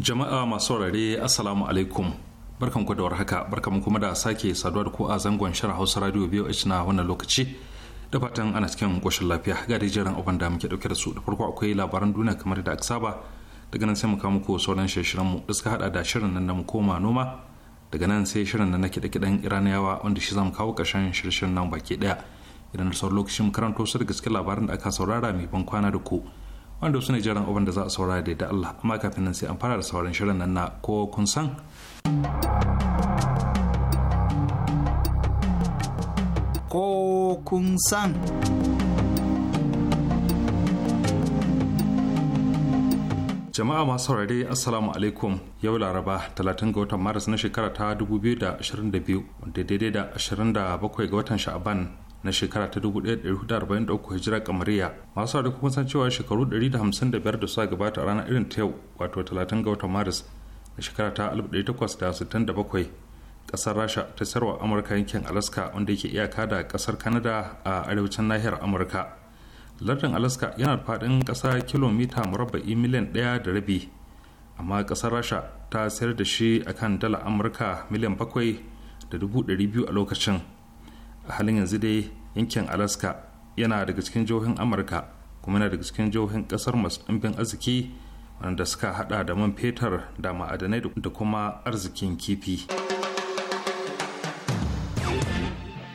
jama'a masu saurare assalamu alaikum barkan ku da haka barkan kuma da sake saduwa da ku a zangon shirin hausa radio a na wannan lokaci da fatan ana cikin koshin lafiya ga jiran abin da muke dauke da su da farko akwai labaran duniya kamar da aka saba daga nan sai mu kawo muku sauran shirin mu da suka hada da shirin nan da mu koma noma daga nan sai shirin nan na kiɗe-kiɗen iraniyawa wanda shi zamu kawo ƙarshen shirin nan baki ɗaya idan da sauran lokacin mu karanto su da gaske labaran da aka saurara mai ban kwana da ku wanda su ne jiran abin da za a saurara da Allah amma kafin nan sai an fara da sauran shirin nan na ko kun san ko kun san jama'a masu saurare assalamu alaikum yau laraba 30 ga watan maris na shekara ta 2022 daidai da 27 ga watan sha'aban na shekara ta 1443 hijira kamariya masu da kuma san cewa shekaru 155 da suka gabata a ranar irin ta yau wato 30 ga watan maris na shekara ta 1867 kasar rasha ta sarwa amurka yankin alaska wanda yake iyaka da kasar kanada a arewacin nahiyar amurka lardin alaska yana faɗin ƙasa kilomita murabba'i miliyan ɗaya da rabi amma ƙasar rasha ta sayar da shi akan dala amurka miliyan bakwai da dubu ɗari biyu a lokacin a halin yanzu dai yankin alaska yana daga cikin jihohin amurka kuma yana daga cikin jihohin kasar masu ɗimbin arziki wanda suka hada da man fetur da ma'adanai da kuma arzikin kifi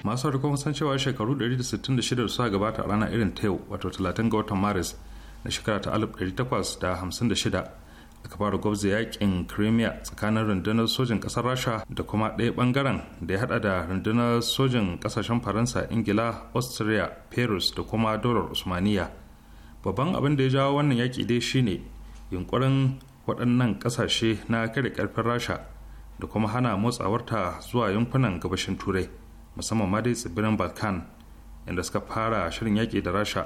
masu rikon san cewa shekaru 166 suka gabata a ranar irin ta yau wato 30 ga watan maris na shekara ta 1856 aka fara gwabza yakin crimea tsakanin rundunar sojin kasar rasha da kuma ɗaya bangaren da ya hada da rundunar sojin ƙasashen faransa ingila austria paris da kuma dolar usmaniya babban abin da ya jawo wannan yaƙi dai shine yunkurin waɗannan ƙasashe na kare ƙarfin rasha da kuma hana motsawarta zuwa yankunan gabashin turai musamman ma dai tsibirin balkan inda suka fara shirin yaki da rasha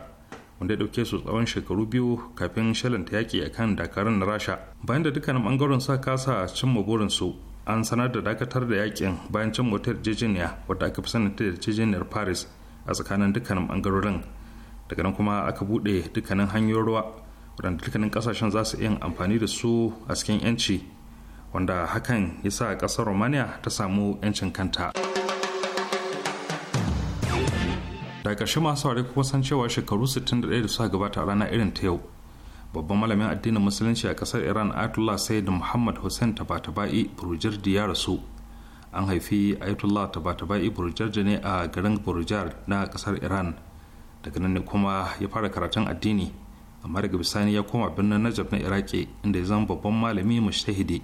wanda ya dauke su tsawon shekaru biyu kafin shalanta yaki a kan dakarun na rasha bayan da dukkanin bangaren sa kasa cimma su an sanar da dakatar da yakin bayan cin motar yarjejeniya wadda aka fi sanin da yarjejeniyar paris a tsakanin dukkanin bangarorin daga nan kuma aka bude dukkanin hanyoyin ruwa waɗanda dukkanin kasashen za su iya amfani da su a cikin 'yanci wanda hakan ya sa ƙasar romania ta samu 'yancin kanta. da ƙarshe masu ware kuma san cewa shekaru 61 da suka gabata a rana irin ta yau babban malamin addinin musulunci a ƙasar iran ayatollah sayyid muhammad hussein tabatabai burjir ya rasu an haifi ayatollah tabatabai burjar ne a garin burjar na ƙasar iran daga nan ne kuma ya fara karatun addini amma daga bisani ya koma birnin najab na iraki inda ya zama babban malami mushtahidi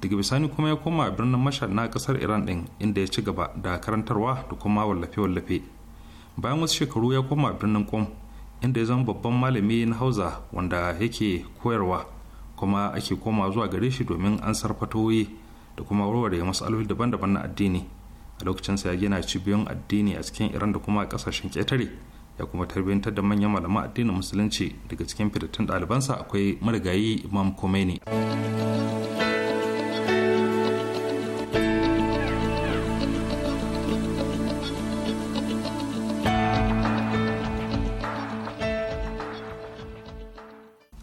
daga bisani kuma ya koma birnin mashhad na kasar iran ɗin inda ya ci gaba da karantarwa da kuma wallafe-wallafe bayan wasu shekaru ya koma birnin kom inda ya zama babban malami na hausa wanda yake koyarwa kuma ake koma zuwa gare shi domin an sarfatoyi da kuma warware matsaloli daban-daban na addini a lokacin sa ya gina cibiyoyin addini a cikin iran da kuma kasashen ƙetare ya kuma tarbiyyantar da manyan malaman addinin musulunci daga cikin fitattun ɗalibansa akwai marigayi imam khomeini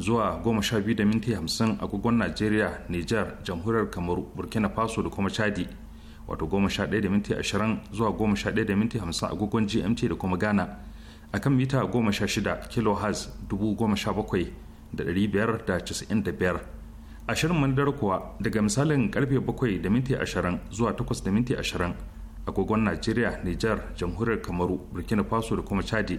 zuwa goma sha biyu da minti hamsin agogon najeriya niger jamhuriyar kamaru burkina faso da kuma chadi wato goma sha ɗaya da minti zuwa goma sha ɗaya agogon gmt da kuma ghana a kan mita goma sha shida kilohertz dubu goma sha bakwai da ɗari biyar da da biyar ashirin manadar kuwa daga misalin karfe bakwai da minti ashirin zuwa takwas da minti ashirin agogon najeriya niger jamhuriyar kamaru burkina faso da kuma chadi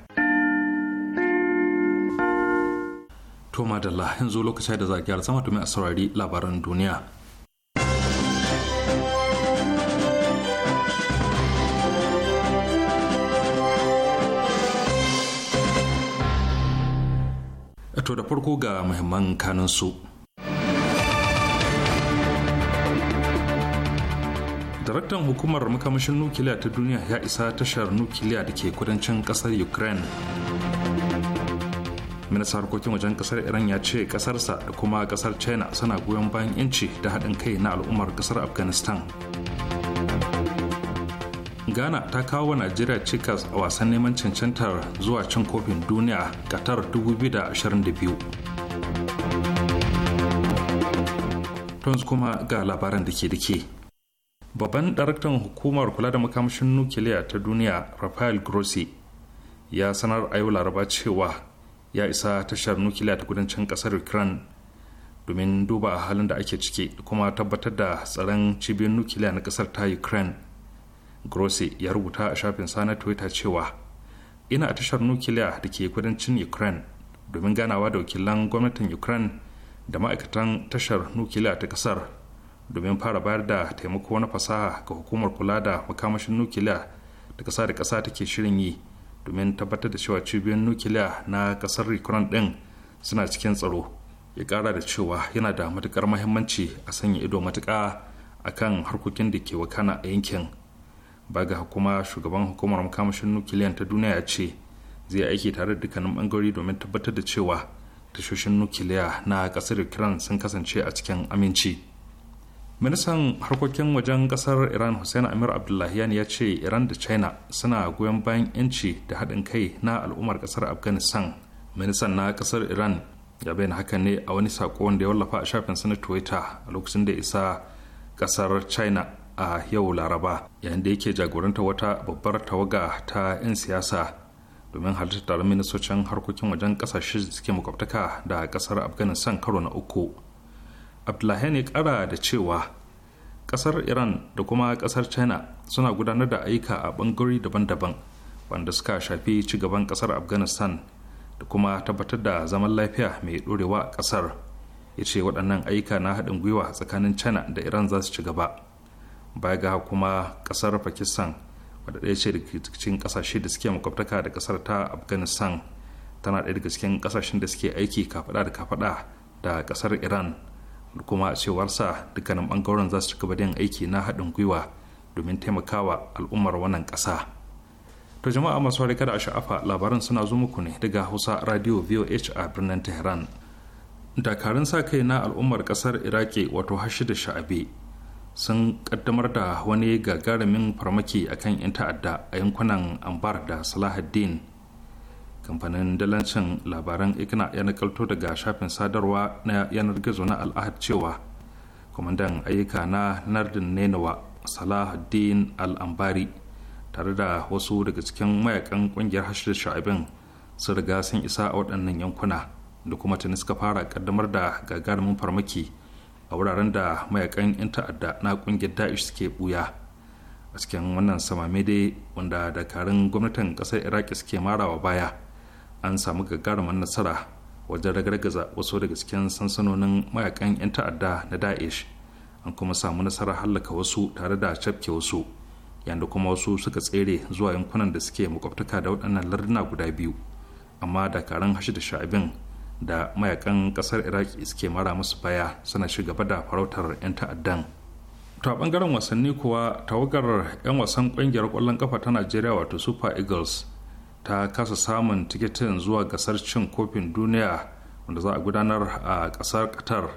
To madalla yanzu lokacin da za a sama domin a saurari labaran duniya. To da farko ga muhimman su. Daraktan hukumar makamashin nukiliya ta duniya ya isa tashar nukiliya da ke kudancin kasar Ukraine. ministan harkokin wajen kasar iran ya ce kasarsa da kuma kasar china suna goyon bayan yanci da haɗin kai na al'ummar kasar afghanistan ghana ta kawo wa najeriya cikas a wasan neman cancantar zuwa cin kofin duniya qatar 2022 tons kuma ga labaran da ke dake babban daraktan hukumar kula da makamashin nukiliya ta duniya rafael grossi ya sanar a yau laraba cewa ya isa tashar nukiliya ta kudancin kasar ukraine domin duba halin da ake cike da kuma tabbatar da tsaron cibiyar nukiliya na kasar ta ukraine grossi ya rubuta a shafin sa na twitter cewa ina a tashar nukiliya da ke kudancin ukraine domin ganawa da wakilan gwamnatin ukraine da ma'aikatan tashar nukiliya ta kasar domin fara bayar da taimako na fasaha ga hukumar kula da makamashin nukiliya da kasa da kasa take shirin yi domin tabbatar da cewa cibiyoyin nukiliya na kasar ukraine din suna cikin tsaro ya kara da cewa yana da matukar mahimmanci a sanya ido matuka a kan harkokin da ke wakana a yankin baga kuma shugaban hukumar makamashin nukiliyan ta duniya ya ce zai aiki tare da dukkanin bangarori domin tabbatar da cewa tashoshin nukiliya na kasar ukraine sun kasance a cikin aminci. ministan harkokin wajen kasar iran hussein amir abdullahian ya ce iran da china suna goyon bayan yanci da haɗin kai na al'ummar kasar afghanistan ministan na kasar iran ya bayyana haka ne a wani saƙo da ya wallafa a shafin na twitter a lokacin da isa kasar china a yau laraba yayin da yake jagoranta wata babbar tawaga ta 'yan siyasa domin halartar ministocin harkokin wajen kasashe da suke makwabtaka da kasar afghanistan karo na uku abdullahi ya kara da cewa kasar iran da kuma kasar china suna gudanar da ayyuka a bangarori daban-daban wanda suka shafi ci gaban kasar afghanistan da kuma tabbatar da zaman lafiya mai dorewa a kasar ya ce waɗannan aika na haɗin gwiwa tsakanin china da iran za su ci gaba baya ga kuma kasar pakistan wadda ɗaya ce daga cikin ƙasashe da suke makwabtaka da kasar ta afghanistan tana ɗaya daga cikin ƙasashen da suke aiki kafaɗa da kafaɗa da ƙasar iran kuma a cewarsa dukkanin bangaren za su ci gaba da yin aiki na haɗin gwiwa domin taimakawa al'ummar wannan ƙasa to jama'a masu harika da sha'afa labaran suna zo muku ne daga hausa radio voh a birnin tehran dakarun sa kai na al'ummar ƙasar iraki wato hashi da sha'abe sun kaddamar da wani gagarumin farmaki akan 'yan ta'adda a yankunan ambar da salahaddin kamfanin dalancin labaran ikna ya nakalto daga shafin sadarwa na yanar gizo na al'ahad cewa kwamandan ayyuka na nardin nenawa salahuddin al'ambari tare da wasu daga cikin mayakan kungiyar hashir sha'abin sun riga sun isa a waɗannan yankuna da kuma tuni suka fara kaddamar da gagarumin farmaki a wuraren da mayakan 'yan ta'adda na kungiyar da'ish suke buya a cikin wannan samame dai wanda dakarun gwamnatin ƙasar iraki suke marawa baya an samu gagarumin nasara wajen ragargaza wasu daga cikin sansanonin mayakan 'yan ta'adda na da'ish an kuma samu nasarar hallaka wasu tare da cafke wasu yadda kuma wasu suka tsere zuwa yankunan da suke makwabtaka da waɗannan larduna guda biyu amma dakarun hashi da sha'abin da mayakan ƙasar iraki suke mara musu baya suna shugaba da farautar 'yan ta'addan to a bangaren wasanni kuwa tawagar 'yan wasan ƙungiyar ƙwallon ƙafa ta najeriya wato super eagles ta kasa samun tikitin zuwa gasar cin kofin duniya wanda za a gudanar a kasar qatar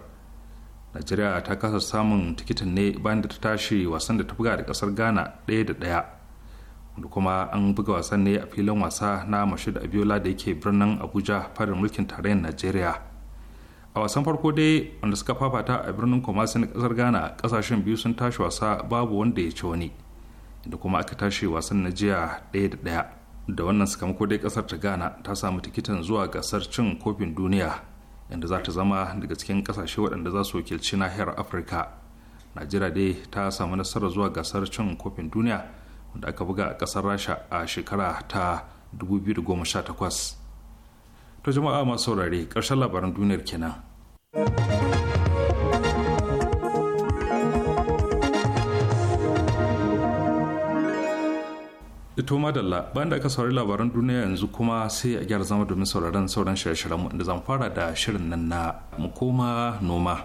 najeriya ta kasa samun tikitin ne bayan da ta tashi wasan da ta buga da kasar ghana ɗaya da ɗaya wanda kuma an buga wasan ne a filin wasa na mashid abiola da yake birnin abuja farin mulkin tarayyar najeriya a wasan farko dai wanda suka fafata a birnin kumasi na kasar ghana kasashen biyu sun tashi wasa babu wanda ya ci wani inda kuma aka tashi wasan na jiya ɗaya da ɗaya da wannan sakamako dai kasar ta gana ta samu tikitin zuwa gasar cin kofin duniya inda za ta zama daga cikin kasashe waɗanda za su wakilci nahiyar afirka najeriya dai ta samu nasarar zuwa gasar cin kofin duniya wanda aka buga a kasar rasha a shekara ta 2018 to jama'a masu saurare ƙarshen labaran duniyar kenan. To madalla bayan da aka saurari labaran duniya yanzu kuma sai a gyara zama domin sauraron sauran shirye-shiryen mu da zan fara da shirin nan na mu koma noma.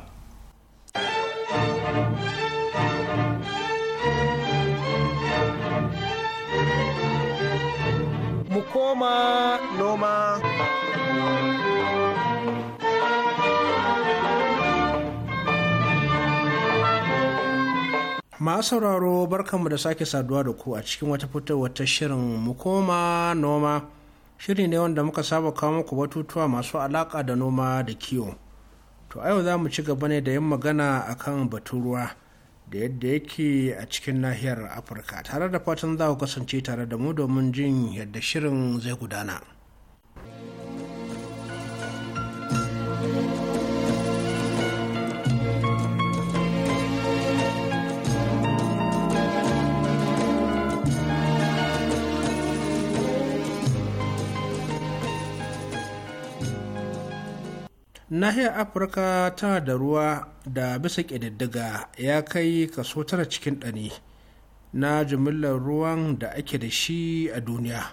Mu koma noma. masu sauraro barkanmu da sake saduwa da ku a cikin wata fitowar ta shirin mu koma noma shiri ne wanda muka saba kawo muku batutuwa masu alaka da noma da kiwo to a yau za mu ci gaba ne da yin magana akan batun ruwa da yadda yake a cikin nahiyar afirka tare da fatan za ku kasance tare da mu domin jin yadda shirin zai gudana. nahiyar afirka tana da ruwa da bisa ƙididdiga ya kai kaso tara cikin ɗani na jimillar ruwan da ake da shi a duniya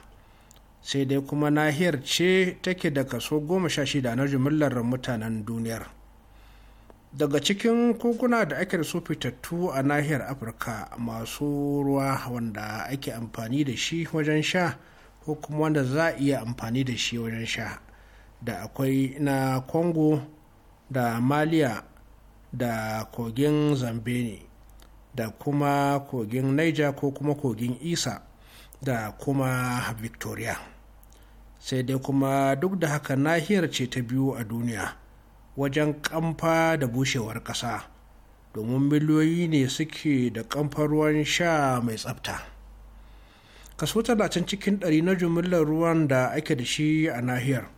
sai dai kuma nahiyar ce take da kaso goma sha shida na jimillar mutanen duniyar daga cikin koguna da ake da su fitattu a nahiyar afirka masu ruwa wanda ake amfani da shi wajen sha ko kuma wanda za a iya amfani da shi wajen sha da akwai na congo da Malia da kogin zambeni da kuma kogin niger ko kuma kogin isa da kuma victoria sai dai kuma duk da haka nahiyar ce ta biyu a duniya wajen kamfa da bushewar ƙasa domin miliyoyi ne suke da kamfar ruwan sha mai tsafta kaso talatin cikin ɗari na jumillar ruwan da ake da shi a nahiyar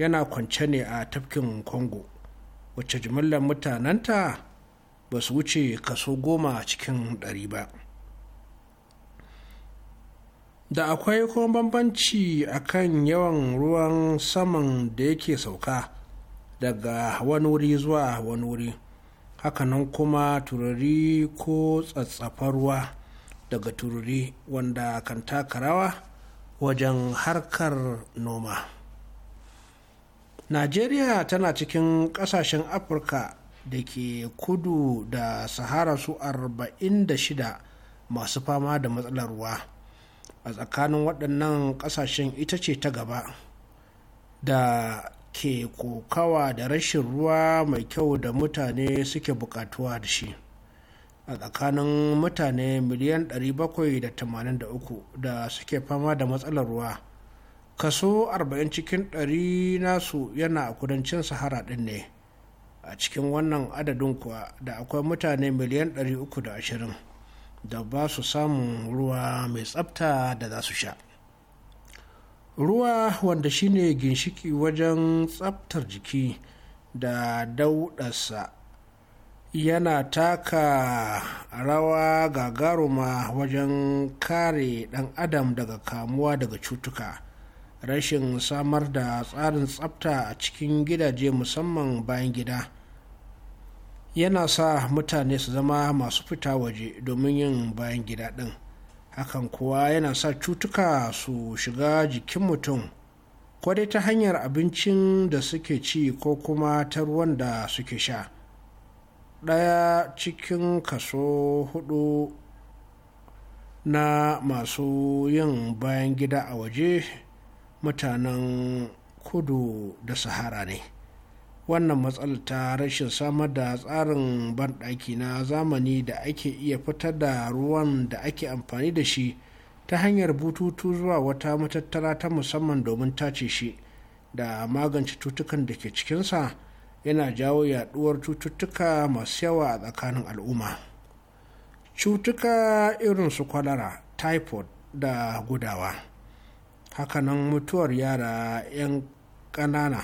yana kwance ne a tafkin congo wacce jimillar mutanenta ba su wuce kaso goma cikin ɗari ba da akwai kuma bambanci akan yawan ruwan saman da yake sauka daga wani wuri zuwa wani wuri hakanan kuma tururi ko tsatsafar ruwa daga tururi wanda kan taka rawa wajen harkar noma. najeriya tana cikin kasashen afirka da ke kudu da sahara su 46 masu fama da matsalar ruwa a tsakanin waɗannan kasashen ita ce ta gaba da ke kokawa da rashin ruwa mai kyau da mutane suke bukatuwa da shi a tsakanin mutane miliyan 783 da suke fama da matsalar ruwa kaso 40 cikin 100 nasu yana a kudancin sahara din ne a cikin wannan adadin kuwa da akwai mutane miliyan 320 da ba su samun ruwa mai tsabta da za su sha ruwa wanda shine ginshiki wajen tsabtar jiki da daudarsa yana taka rawa gagaruma wajen kare dan adam daga kamuwa daga cutuka rashin samar da tsarin tsafta a cikin gidaje musamman bayan gida yana sa mutane su zama masu fita waje domin yin bayan gida ɗin hakan kuwa yana sa cutuka su shiga jikin mutum ko dai ta hanyar abincin da suke ci ko kuma ta ruwan da suke sha ɗaya cikin kaso hudu na masu yin bayan gida a waje mutanen kudu da sahara ne wannan matsalar ta rashin samar da tsarin banɗaki na zamani da ake iya fitar da ruwan da ake amfani da shi ta hanyar bututu zuwa wata matattara ta musamman domin tace shi da magance cutukan da ke cikinsa yana jawo yaduwar cututtuka masu yawa a tsakanin al'umma cutuka irin su kwalara typhoid da gudawa hakanan mutuwar yara 'yan ƙanana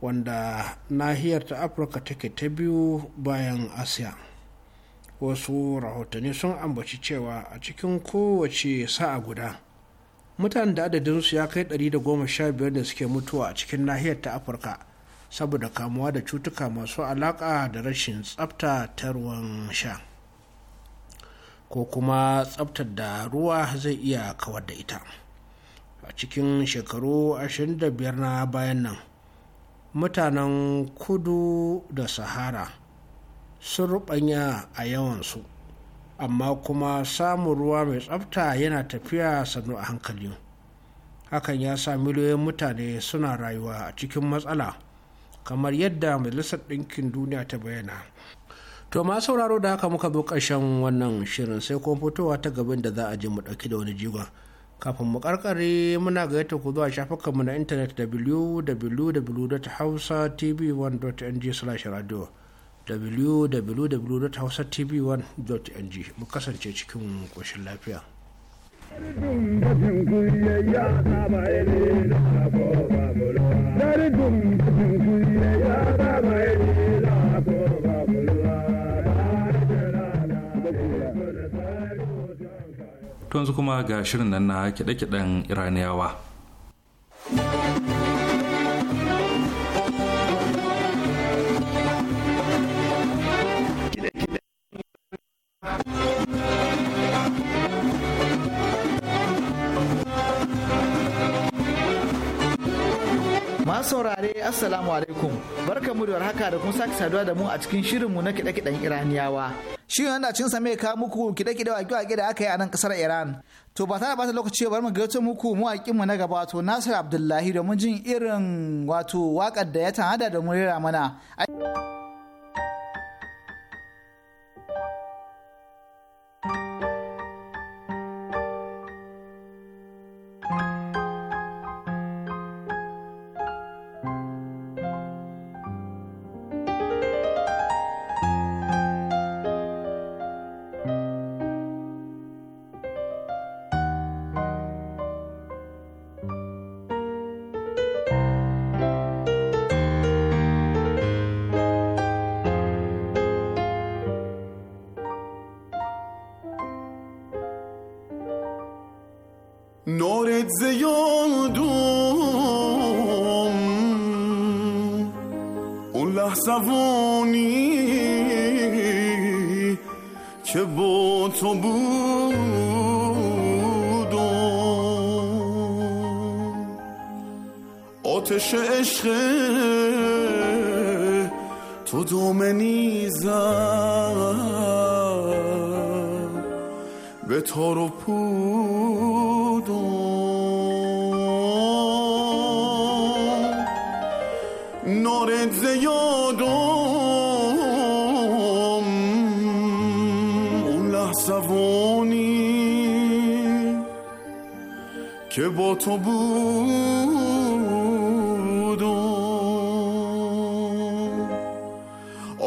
wanda nahiyar ta afirka take ta biyu bayan asiya wasu rahotanni sun ambaci cewa a cikin kowace sa'a guda mutanen da adadinsu ya kai 115 da suke mutuwa a cikin nahiyar ta afirka saboda kamuwa da cutuka masu alaƙa da rashin tsafta ta ruwan sha ko kuma tsaftar da ruwa zai iya kawar da ita a cikin shekaru 25 na bayan nan mutanen kudu da sahara sun rubanya a yawansu amma kuma samun ruwa mai tsafta yana tafiya sannu a hankali hakan ya sa miliyoyin mutane suna rayuwa a cikin matsala kamar yadda majalisar ɗinkin duniya ta bayyana to ma sauraro da haka muka zo ƙarshen wannan shirin sai kuma fitowa ta gabin da za a je mu ɗauki da wani jigon kafin mu karkare muna gayyata ku zuwa shafukanmu na intanet www.hausatv1.ng/radio www.hausatv1.ng mu kasance cikin koshin lafiya. Dari dum ya to yanzu kuma ga shirin nan na kiɗe-kiɗen iraniyawa saurare assalamu alaikum barkamu da haka da kun sake saduwa da mu a cikin shirinmu na kiɗe-kiɗen iraniyawa shi yana cin same ka muku kide-kide wa kiwa da aka yi a nan kasar Iran. To ba tare bata lokaci bar mu gaito muku mawaƙin mu na gaba to Nasir Abdullahi domin jin irin wato waƙar da ya tanada da mu rera mana. که با تو بودم آتش عشق تو دومنی زد به تارو پود که با تو بودم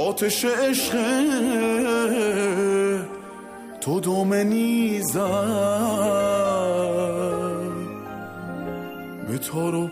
آتش عشق تو دومنی زد به تو رو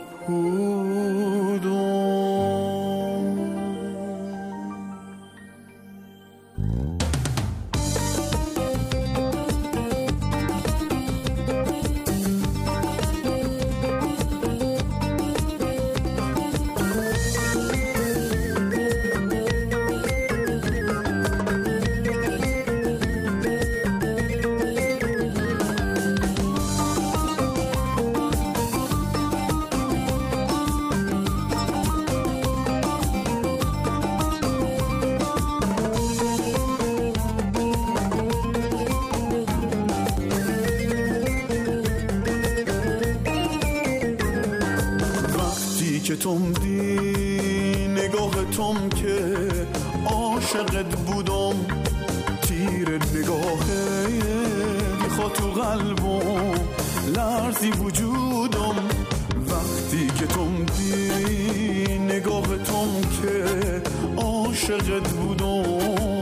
که توم دی نگاه تم که عاشقت بودم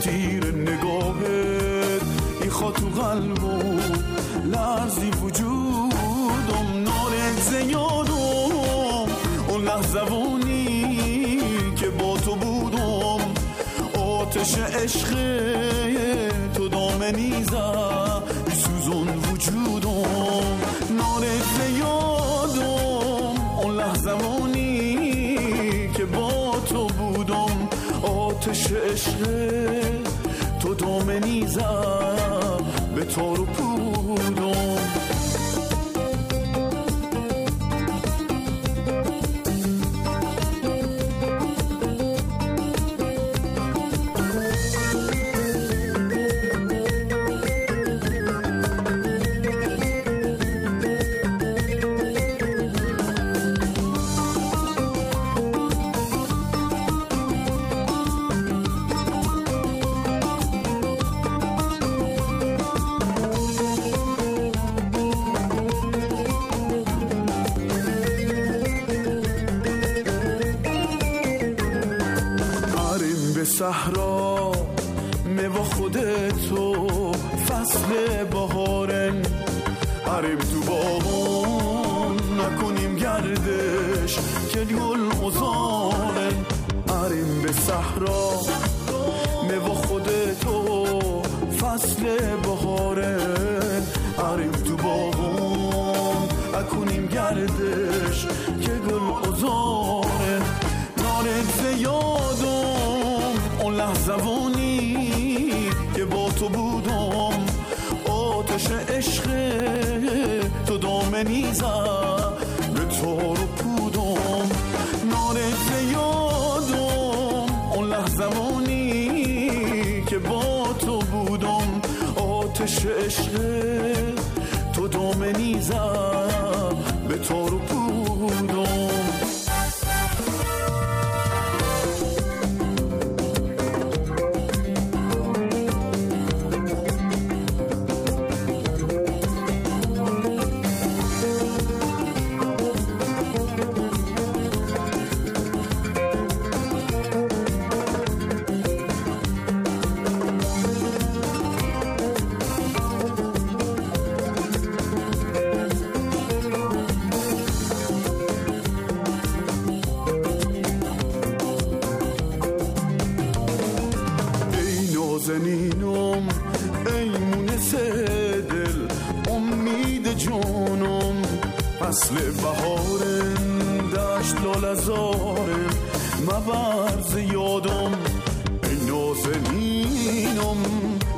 تیر نگاهت ای تو قلبم لرزی وجودم نارنز یادم اون لحظوانی که با تو بودم آتش عشقه sorup تو بودم آتش عشق تو دامه نیزم به تو رو پودم نارف یادم اون لحظمانی که با تو بودم آتش عشق تو دامه نیزم نازنینم ای مونس دل امید جونم فصل بهارم دشت لال زارم مبرز یادم ای نازنینم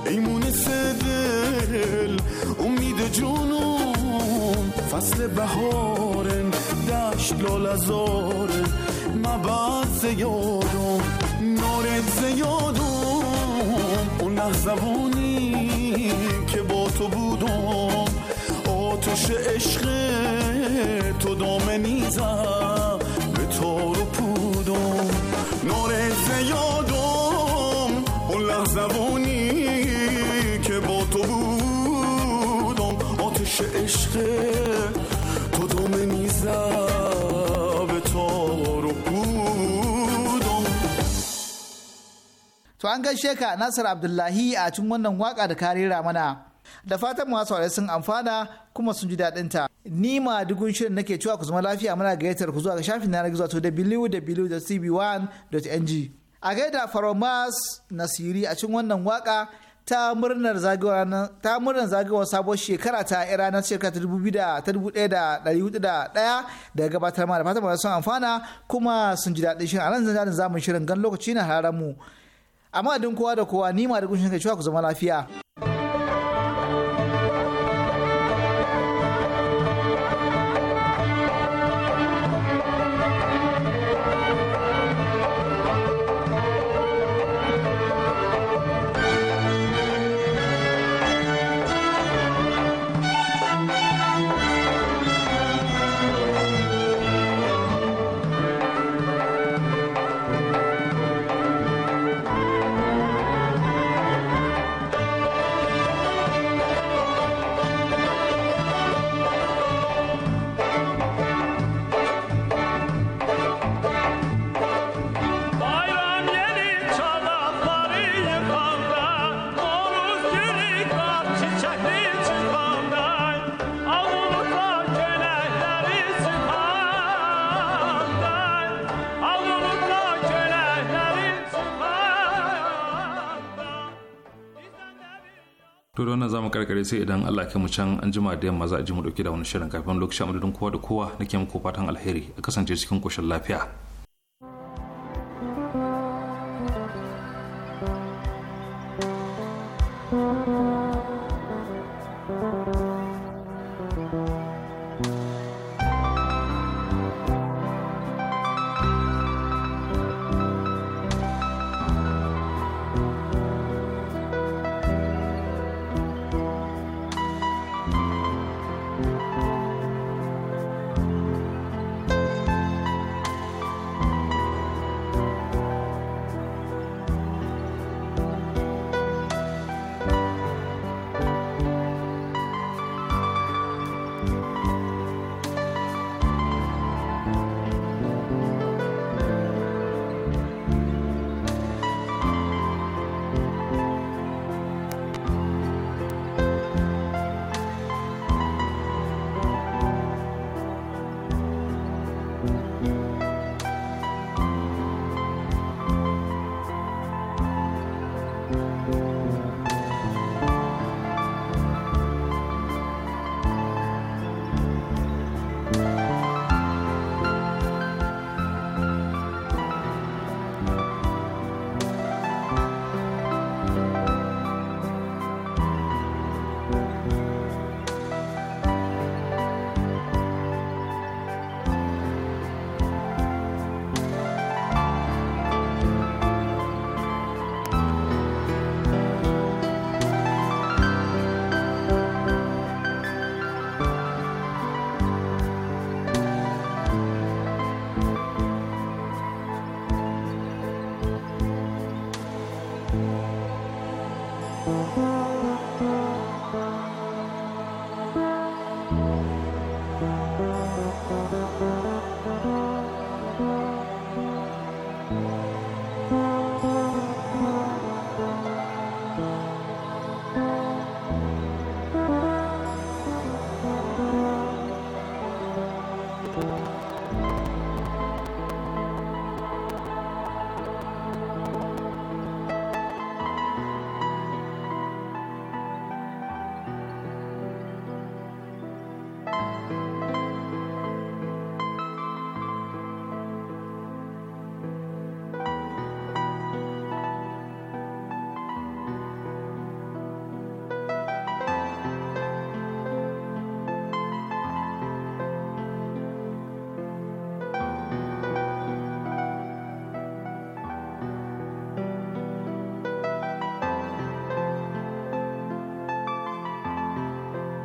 ای مونس دل امید جونم فصل بهارم دشت لال زارم مبرز یادم زبونی که با تو بودم آتش عشق تو دامنی زد به تو رو پودم نار زیادم اون لحظوانی که با تو بودم آتش عشق To an gaishe ka Nasir Abdullahi a cikin wannan waka da ka rera mana. Da fatan masu aure sun amfana kuma sun ji daɗin ta. Ni ma dugun shirin nake cewa ku zama lafiya muna gayyatar ku zuwa ga shafin na gizo to www.cb1.ng. A gaida Faromas Nasiri a cikin wannan waka ta murnar zagawar sabon shekara ta ranar shekara ta ɗaya da gabatar ma da fatan masu sun amfana kuma sun ji daɗin shirin a nan zanen zamun shirin gan lokaci na hararen mu. amma adin kowa da kowa ni ma da gushin kai cewa ku zama lafiya mu karkare sai idan Allah ke mu can an jima da yamma za a ji mu dauke da wani shirin kafin lokacin amadadin kowa da kowa na nake muku fatan alheri a kasance cikin koshin lafiya